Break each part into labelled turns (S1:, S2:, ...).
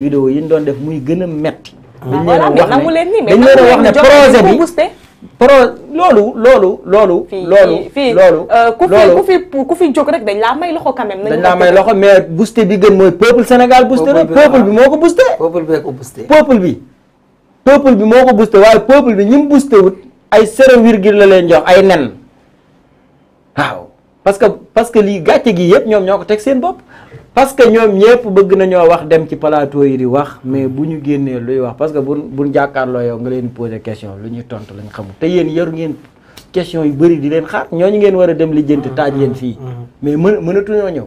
S1: vidéo yi ñu doon def muy gën a metti ah. dañ leen a wax ne dañ leen a wax ne projet bi pro loolu loolu loolu loolu euh, loolu ku
S2: fi ku fi jóg rek dañ laa may loxo quand même dañ laa may
S1: loxo mais booster bi gën mooy peuple Sénégal booster la peuple bi moo ko booster peuple bi ko booster peuple bi peuple bi moo ko booster waaye peuple bi ñi mu booster wut ay zéro virgule la leen jox ay nen waaw parce que parce que lii gàcce gi yëpp ñoom ñoo ko teg seen bopp parce que ñoom ñëpp bëgg nañoo wax dem ci plateau yi di wax mais bu ñu génnee luy wax parce que bu buñ jàkkaarloo yow nga leen poser question lu ñuy tontu lañ xamul te yéen yaru ngeen question yu bëri di leen ñoo ñu ngeen war a dem lijjanti mm-hmm. taaj yéen fii mm-hmm. mais mën mënatuñoo ñëw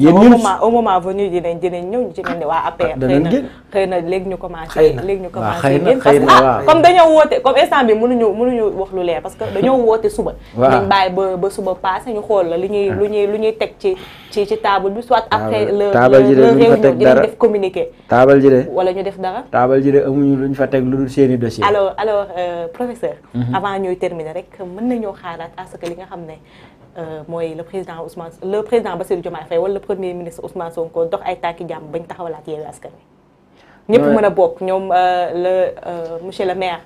S1: yéen ñun
S2: au moment au ñu venu dinañ dinañ ñëw ci mel ni waa APR. xëy na léegi ñu commencé. xëy na léegi ñu commencé génn parce que ah comme dañoo woote comme instant bi mënuñu mënuñu wax lu leer parce que dañoo woote suba. waaw dañ bàyyi ba ba suba passé ñu xool la lu ñuy lu ñuy lu ñuy teg ci ci ci table bi soit après. le réunion dinañ def communiqué. taabal ji wala ñu def dara.
S1: taabal ji de amuñu ñu fa teg lu dul seeni dossier. alors
S2: alors euh, professeur. Mhm. avant ñuy terminer rek mën nañoo xaaraat à ce que li nga xam ne Euh, moy le président Ousmane le président Bassirou Diomaye Faye wala le premier ministre Ousmane Sonko dox ay tànki jam bañ taxawalat Yewwi Askan Wi. ñëpp mën a bokk ñoom euh, le euh, monsieur le maire.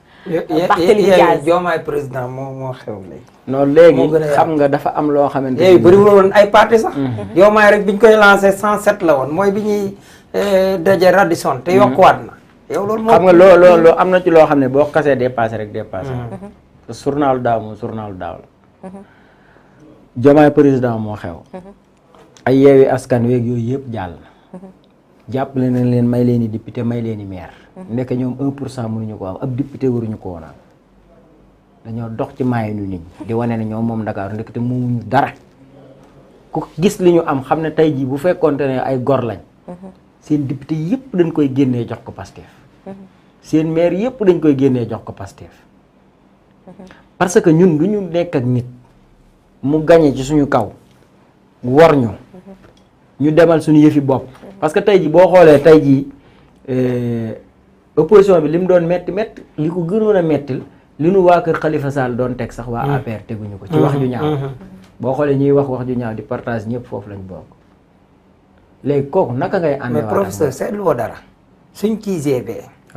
S2: Barthélémy Diaz
S1: Diomaye président mo mo xew léegi. non légui xam nga dafa am lo xamante ne. yooyu bëriwul ay parti sax. Mhm. Mhm. Diomaye rek biñ koy lancer 107 la won moy biñi ñuy daje Radisson té mhm. yokkuwaat na. yow loolu moo xam nga loo loo loo am ci lo xamné bo boo xasee dépassé rek dépassé. te journalu journal moom journalu daaw Diomaye président moo xew. ay yeewi askan week yooyu yëpp jàll na. jàppale na leen may leen i député may leen i maire. nekk ñoom 1 pour cent mënuñu ko am ab député waruñu ko woon dañoo dox ci maay nu nit ñi di wane ne ñoom moom Dakar ndekete moomuñu dara ku gis li ñu am xam ne tey jii bu fekkoonte ne ay gor lañ. seen député yëpp dañ koy génnee jox ko Pastef. seen maire yëpp dañ koy génne jox ko Pastef. parce que ñun du ñu nekk ak nit. mu gañe ci suñu kaw war ñu ñu demal suñu yëfi bopp parce que tey ji boo xoolee tey ji eh, opposition bi li mu doon metti metti li ko gënoon a mettil li nu waa kër Khalifa Sall doon teg sax waa mm. APR teguñu ko ci wax ju ñaaw mm-hmm. boo xoolee ñuy wax wax ju ñaaw di partage ñëpp foofu lañ bokk léegi kooku naka ngay àndee mais professeur seetlu woo dara suñ kii GB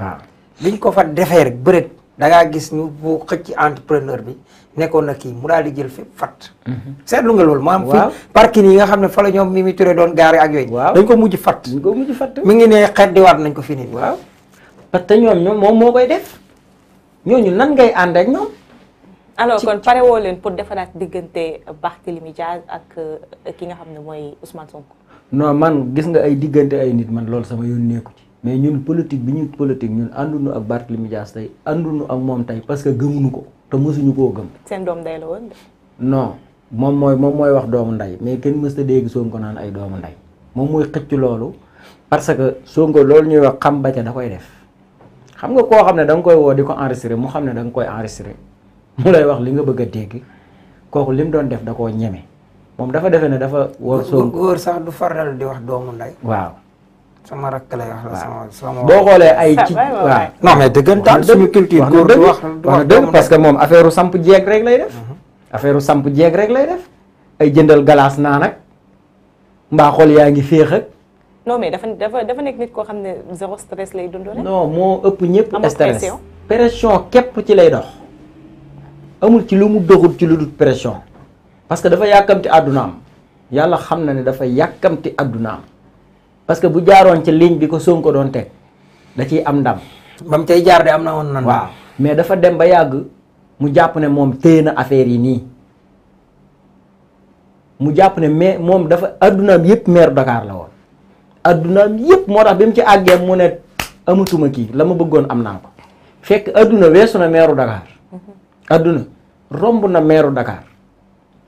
S1: waaw liñ ko fa defee rek bërët da ngaa gis ñu bu xëcc entrepreneur bi nekkoon na kii mu daal di jël fépp fat mhm. seetlu nga loolu. waaw moo am yi nga xam ne fa la ñoom Mimi doon gaare ak yooyu. dañ ko mujj fat dañ ko fat mi ngi ne xet nañ ko fi nii. waaw parce que ñoom ñoom moom moo koy def ñooñu nan ngay ànd ak ñoom.
S2: alors kon pare woo leen pour defaraat diggante Barthélémy Dias ak euh, ki nga xam ne mooy Ousmane Sonko.
S1: non man gis nga ay diggante ay nit man loolu sama yoon nekku ci. mais ñun politique bi ñu politique ñun àndunu ak Barthélémy Dias tey àndunu ak moom tey parce que gëmuñu ko te mësuñu koo gëm.
S2: seen doom ndey la woon.
S1: non moom mooy moom mooy wax doomu ndey mais kenn mësta dégg Sonko naan ay doomu ndey moom mooy xëcc loolu parce que Sonko loolu ñuy wax xam ba da koy def xam nga koo xam ne danga koy woo di ko enregistré mu xam ne danga koy enregistré mu lay wax li nga bëgg a dégg kooku li mu doon def da koo ñeme moom dafa defe ne dafa. wóor Sonko góor sax du faral di wax doomu ndey. waaw. sama rakk lay wax la boo xoolee ay ci waaw non mais dëggantaan suñu culture góor du wax wax dëgg parce que moom affaire samp jeeg rek lay def. Mhm. affaire samp jeeg rek lay def. ay jëndal galaas naa nag mbaa xool yaa ngi féex ak.
S2: non mais dafa dafa nekk nit koo xam ne zéro stress lay dundale.
S1: non moo ëpp ñëpp. stress pression képp ci lay dox. amul ci lu mu doxul ci lu dul pression. parce que dafa yàkkamti àddunaam yàlla xam na ne dafa yàkkamti àddunaam parce que bu jaaroon ci ligne bi ko ko doon teg da ci am ndam. ba mu cay jaar de am na woon na waaw mais dafa dem ba yàgg mu jàpp ne moom téye na affaire yi nii mu jàpp ne mais moom dafa addunaam yëpp maire Dakar la woon. addunaam yëpp moo tax bi mu ci àggee mu ne amatuma kii la ma bëggoon am naa ko fekk àdduna weesu na meeru Dakar. Mhm. adduna romb na meeru Dakar.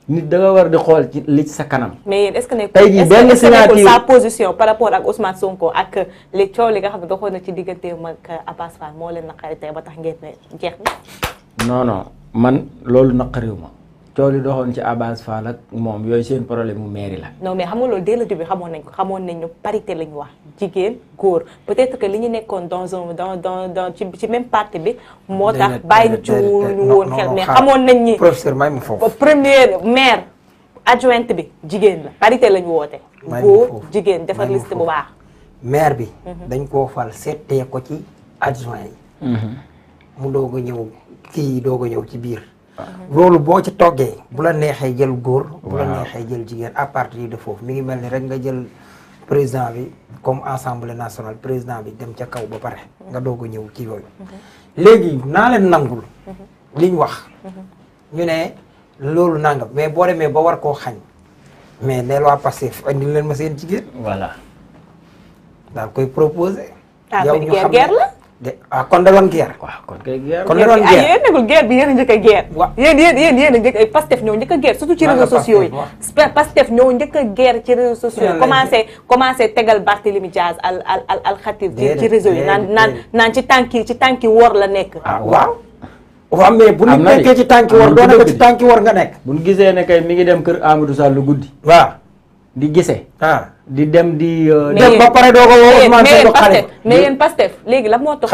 S1: nit da war di xool ci li ci sa kanam.
S2: mais yéen est que nekkul tey jii benn signature sa position par rapport ak Ousmane Sonko ak li coow li xam ne doxoon na ci digganteem ak Abass Fall moo leen naqari tey ba tax ngeen ne jeex na.
S1: non non man loolu naqariwu ma. coow li doxoon ci Abass Fall moom yooyu seen problème mu mairie la.
S2: non mais xam nga loolu dès le début xamoon nañ ko xamoon nañ ñu parité la wax jigéen góor peut-être que li ñu nekkoon dans un dans dans dans ci ci même parti bi. moo tax bàyyi ci ñu woon xel mais xamoon nañ ni. professeur bi jigéen la parité te ñu woote. góor jigéen defar liste bu baax.
S1: maire bi. Mhm. dañ koo fal seetee ko ci adjoint yi. Mhm. mu doog a ñëw kii yi a ñëw ci biir. loolu boo ci toggee bu la neexee jël góor bu la neexee jël jigéen à partir de foofu mi ngi mel ni rek nga jël président bi comme assemblée nationale président bi dem ca kaw ba pare nga doo a ñëw ci yooyu mhm. léegi naa leen nangul mhm. liñ wax mhm. ñu ne loolu nangam mais boo demee ba war koo xañ mais ne waa Pastef andi leen ma seen jigéen voilà daal koy proposé ah, yow ñu xam la de ah kon da doon guerre. waaw kon kon da doon guerre ah,
S2: yéen nekkul guerre bi yéen a njëkk a guerre. waaw yéen yéen yéen yéen a njëkk a eh, Pastef ñoo njëkk a guerre surtout ci réseaux sociaux yi. Pastef ñoo njëkk a guerre ci réseaux sociaux yi. commencé tegal Barthélémy Diaz al al ci ci réseau yi naan ci tànki ci tànki la nekk. waa ah, waaw.
S1: waaw mais bu nit nekkee ci tànki woor doon na ko ci tànki woor nga nekk. bu ñu gisee ne kay mi ngi dem kër Amadou Sall lu guddi waaw di gisee. Ah. di dem di. Euh, dem ba pare doo ko woo Ousmane Sonko xalifa léegi la moo tax.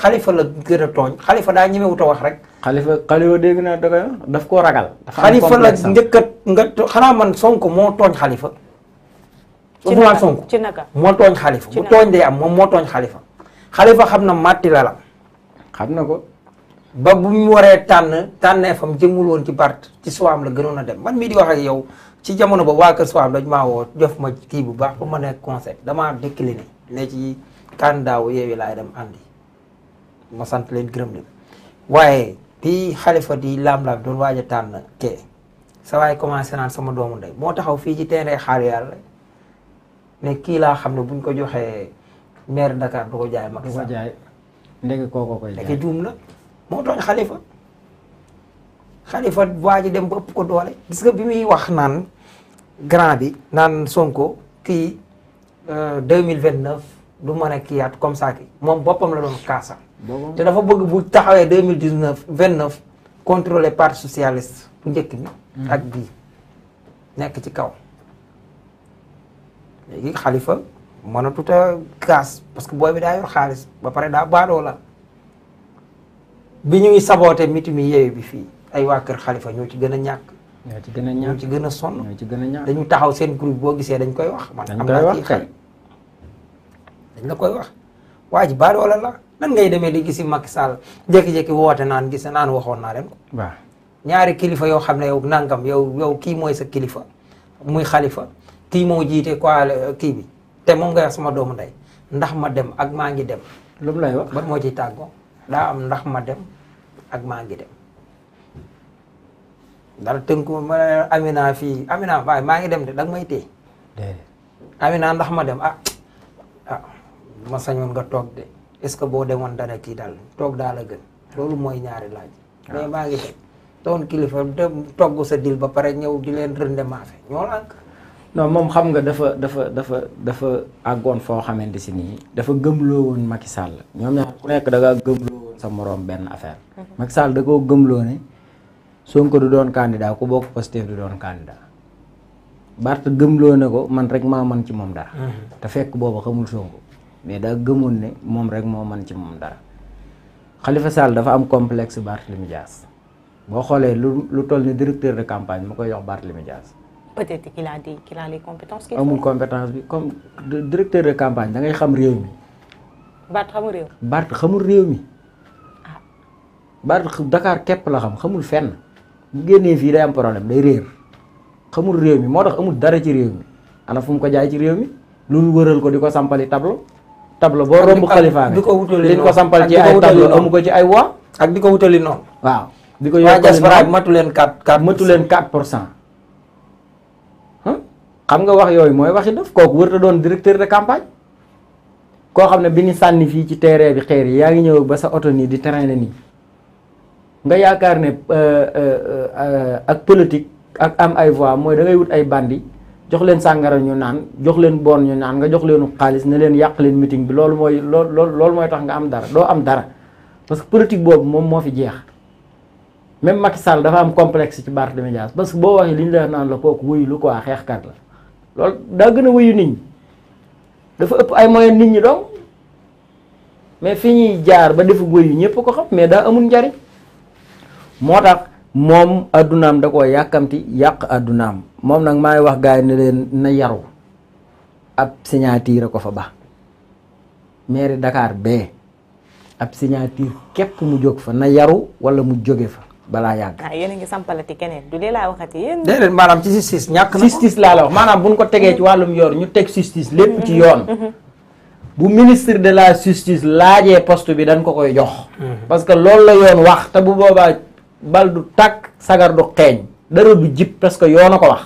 S1: xalifa la gën a tooñ xalifa daa ñeme wut rek. xalifa xalifa dégg daf koo ragal. xalifa la njëkk nga xanaa man moo tooñ xalifa. Ousmane Sonko ci naka moo tooñ xalifa bu moo tooñ xalifa. xalifa xam na màtti la la. xam na ko. ba bu mu waree tànn tànnee fam jëmul woon ci Bart ci Soham la gënoon a dem man mii di wax ak yow ci jamono ba waa kër Soham dañ maa woo jof ma kii bu baax ba ma nekk conseil damaa décliné ne ci candidat wu Yewwi laay dem àndi ma sant leen gërëm leen waaye bi Khalifa di laam-laam doon waaj a tànn kee sa waay sama doomu ndey moo taxaw fii ci terrain xaar yàlla ne kii laa xam ne buñ ko joxee maire Dakar du ko jaay Macky Sall du ko jaay ndege juum la moo tooñ xalifa xalifa waa ji dem ba ko doole gis nga bi muy wax naan grand bi naan Sonko kii euh, deux mille vingt neuf du mën a kiyaat comme ça ki moom boppam la doon kaasa te dafa bëgg bu taxawee deux mille dix neuf vingt neuf contrôler parti socialiste bu njëkk bi hmm. ak bii nekk ci kaw léegi xalifa mënatut a kaas parce que booy bi daa yor xaalis ba pare daa baadoo la bi ñuy sabootee miti mi yeeyu bi fii ay waa kër xalifa ñoo ci gën a ñàkk ñoo ci gën a ñàkk ñoo ci gën a sonn ci gën a ñàkk dañu taxaw seen groupe boo gisee dañ koy wax man am naa ci xel dañ la koy wax waa ji baal wala la nan ngay demee di gisi Macky Sall jékki-jékki woote naan gis naan waxoon naa dem ko ñaari kilifa yoo xam ne yow nangam yow yow kii mooy sa kilifa muy xalifa kii moo jiitee ko quoi euh, kii bi te moom nga wax sama doomu ndey ndax ma dem ak maa ngi dem lu lay wax ban moo ciy tàggoo daa am ndax ma dem ak maa ngi dem dara tënku ma Amina fii Amina waaye maa ngi dem de danga may téye Amina ndax ma dem ah ah ma sañoon nga toog de est-ce que boo demoon dara kii daal toog daal a gën loolu mooy ñaari laaj ah. mais maa ngi dem doon kilifa dem togg sa dil ba pare ñëw di leen rënde maafe ñoo lànk non moom xam nga dafa dafa dafa dafa àggoon foo xamante si nii dafa gëmloo woon ñoom ñaar ku nekk da nga gëmloo sa moroom benn affaire. Macky Sall da koo gëmloo ne Sonko du doon candidat ku bokk Pastef du doon candidat Barth gëmloo ne ko man rek maa man ci moom dara. Mhm. te fekk boobu xamul Sonko mais daa gëmoon ne moom rek moo man ci moom dara Khalifa Sall dafa am complexe Barthélemy Dias boo xoolee lu lu toll ne directeur de campagne mu koy jox Barthélemy Dias.
S2: peut amul
S1: compétence bi comme directeur de campagne da ngay xam réew mi. Barth xamul réew mi. bar Dakar kep la xam xamul fenn bu génnee fi day am problème day réer xamul réew mi mo tax amul dara ci réew mi ana fu mu ko jaay ci réew mi loolu wëral ko diko sampali tablo tablo bo romb khalifa di ko wutali liñ ko sampal ci ay tablo amu ko ci ay wa ak diko ko wutali non waaw di ko yokkal diaspora matu len 4 4 matu len 4 pour xam nga wax yoy moy waxi def kok wër ta doon directeur de campagne ko xamne ne sanni fi ci terrain bi xeer yaangi ñew ba sa auto ni di terrain ni nga yaakaar ne ak politique ak am ay voix mooy da ngay wut ay bandi jox leen sàngara ñu naan jox leen bon ñu naan nga jox leenu xaalis ne leen yàq leen meeting bi loolu mooy lool loolu mooy tax nga am dara doo am dara parce que politique boobu moom moo fi jeex même Macky Sall dafa am complexe ci de médias parce que boo waxee li ñu la naan la kooku wuyu lu quoi kat la lool daa gën a wuyu nit ñi dafa ëpp ay moyen nit ñi dong mais fi ñuy jaar ba defu wuyu ñëpp ko xam mais daa amul njariñ motax mom adunam addunaam da koo ti yak adunam mom nang maay wax gaay ne len na yaru ab signature ko fa ba mairie Dakar be ab signature kep mu jog fa na yaru wala mu joge fa bala yag
S2: ah yene ngi sampalati kenen du le la waxati yene déedéet
S1: manam ci sis ñak na sis laa la wax manam bu minister ko tege ci walum yor ñu sis sis lepp ci yoon. Mm-hmm, mm-hmm. bu ministre de la justice poste bi dañ ko koy jox. Mm-hmm. parce que lool la yoon wax ta bu boba bal du tàkk sagar du xeeñ dara du jib parce que yoon a ko wax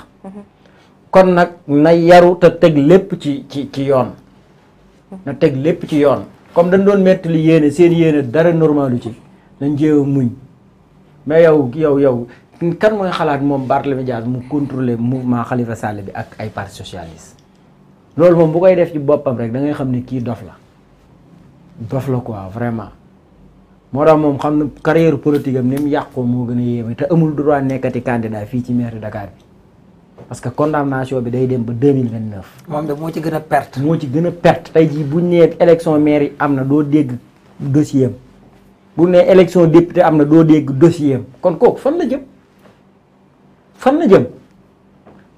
S1: kon nag na yaru te teg lépp ci ci ci yoon na teg lépp ci yoon comme dañ doon metti li yéene seen yéene dara normal lu ci dañ jéew a muñ mais yow yow yow kan mooy xalaat moom Barthélémy Dias mu contrôler mouvement Khalifa Sall bi ak ay parti socialiste loolu moom bu koy def ci boppam rek da ngay xam ni kii dof la dof la quoi vraiment moo tax moom xam na carrière politique am ni mu yàqoo moo gën a yéeme te amul droit nekkati candidat fii ci maire de bi parce que condamnation bi day dem ba deux mille vingt neuf. moom de moo ci gën a perte. moo ci gën a perte tey jii bu ñu nee élection yi am na doo dégg dossier am bu ñu nee élection député am na doo dégg dossier am kon ko fan la jëm fan la jëm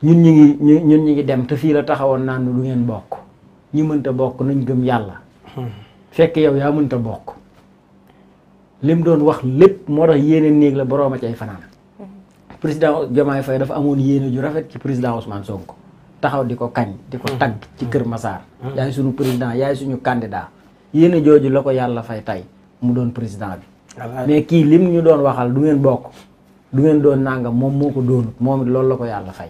S1: ñun ñu ngi ñun ñu ngi dem te fii la taxawoon naan lu ngeen bokk ñi mënta bokk nañ gëm yàlla. Hmm. yow yaa mënta bokk. li mu doon wax lépp moo tax yéene néeg la borooma cay fanaan mhm. président Diomaye fay dafa amoon yéene ju rafet ci président Ousmane ko taxaw di ko kañ di ko mhm. tagg ci Kër mhm. Massar yaay suñu président yaay suñu candidat yéene jooju la ko yàlla fay tey mu doon président bi mais kii lim ñu doon waxal du ngeen bokk du ngeen doon nangam moom moo ko doonut moom loolu la ko yàlla fay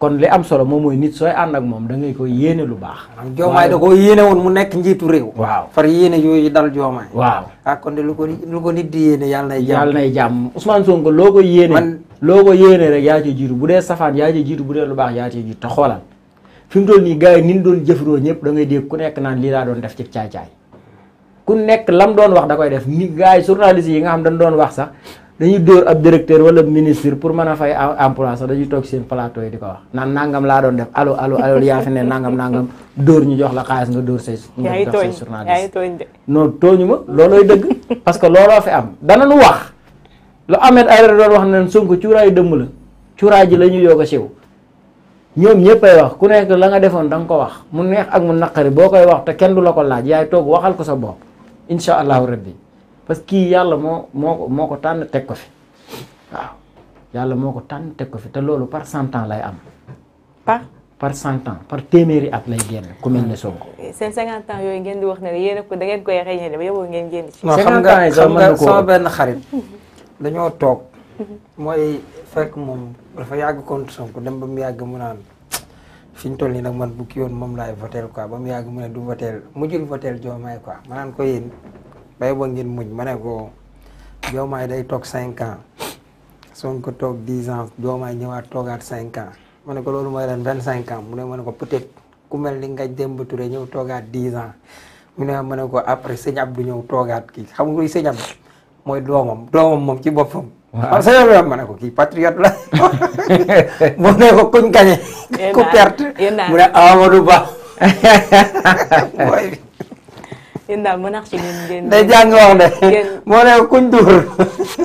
S1: kon li am solo moom mooy nit sooy ànd ak moom da ngay ko yéene lu baax. joomaay da koo yéene woon mu nekk njiitu réew. waaw far yéene yooyu dal joomaay. waaw ah kon de lu ko lu ko nit di yéene yàlla nay jàmm yàlla jàmm Ousmane Sonko loo ko yéene. man loo ko yéene rek yaa jiitu bu dee safaan yaa ci jiitu bu dee lu baax yaa ci jiitu te xoolal fi mu toll nii gars yi ni ñu doon jëfandoo ñëpp da ngay ku nekk naan lii laa doon def ci caay-caay ku nekk lam doon wax da koy def ni gars yi journaliste yi nga xam dañ doon wax sax dañu dóor ab directeur wala ministre pour mën a fay emploi sax toog seen plateau yi di ko wax naan nangam laa doon def allo allo allo yaa fi ne nangam nangam dóor ñu jox la xaalis nga dóor say nga jox say journaliste non tooñu ma loolooy dëgg parce que looloo fi am danañu wax lu Ahmed Aïdara doon wax ne Sonko cuuraayu dëmm la cuuraay ji la ñu yokk a siw ñoom ñëppay wax ku nekk la nga defoon da nga ko wax mu neex ak mu naqari boo koy wax te kenn du la ko laaj yaay waxal ko sa bopp incha allahu rabbi parce que kii yàlla moo moo ko tànn teg ko fi waaw yàlla moo ko tànn teg ko fi te loolu par cent ans lay am. par par cent par téeméeri at lay génn ku mel ne Sonko.
S2: seen cinquante ans yooyu ngeen di wax ne yéen a ko da ngeen koy xëy ba yow ngeen génn ci. cinquante ans yi xam mhm.
S1: dañoo toog. Mhm. mooy fekk moom dafa yàgg contre Sonko dem ba mu yàgg mu naan ñu toll nii nag man bu kii moom laay votel quoi ba mu yàgg mu ne du votel mujjul votel Diomaye ma naan ko yéen. bay ba ngeen muñ ma ne ko joomaay day toog cinq ans Sonko toog dix ans joomaay ñëwaat toogaat cinq ans ma ne ko loolu mooy leen vingt cinq ans mu ne ma ne ko peut-être ku mel ni Ngagne Demba Touré ñëw toogaat dix ans mu ne ma ne ko après sëñ Abdou ñëw toogaat kii xam nga luy sëñ mooy doomam doomam moom ci boppam. waaw sëñ Abdou ne ko kii patriote la mu ne ko kuñ gañe
S2: ku perte mu ne
S1: Amadou Ba
S2: yéen daal monarchie ngeen ngeen. day jàng
S1: eh. wax de. moo ne kuñ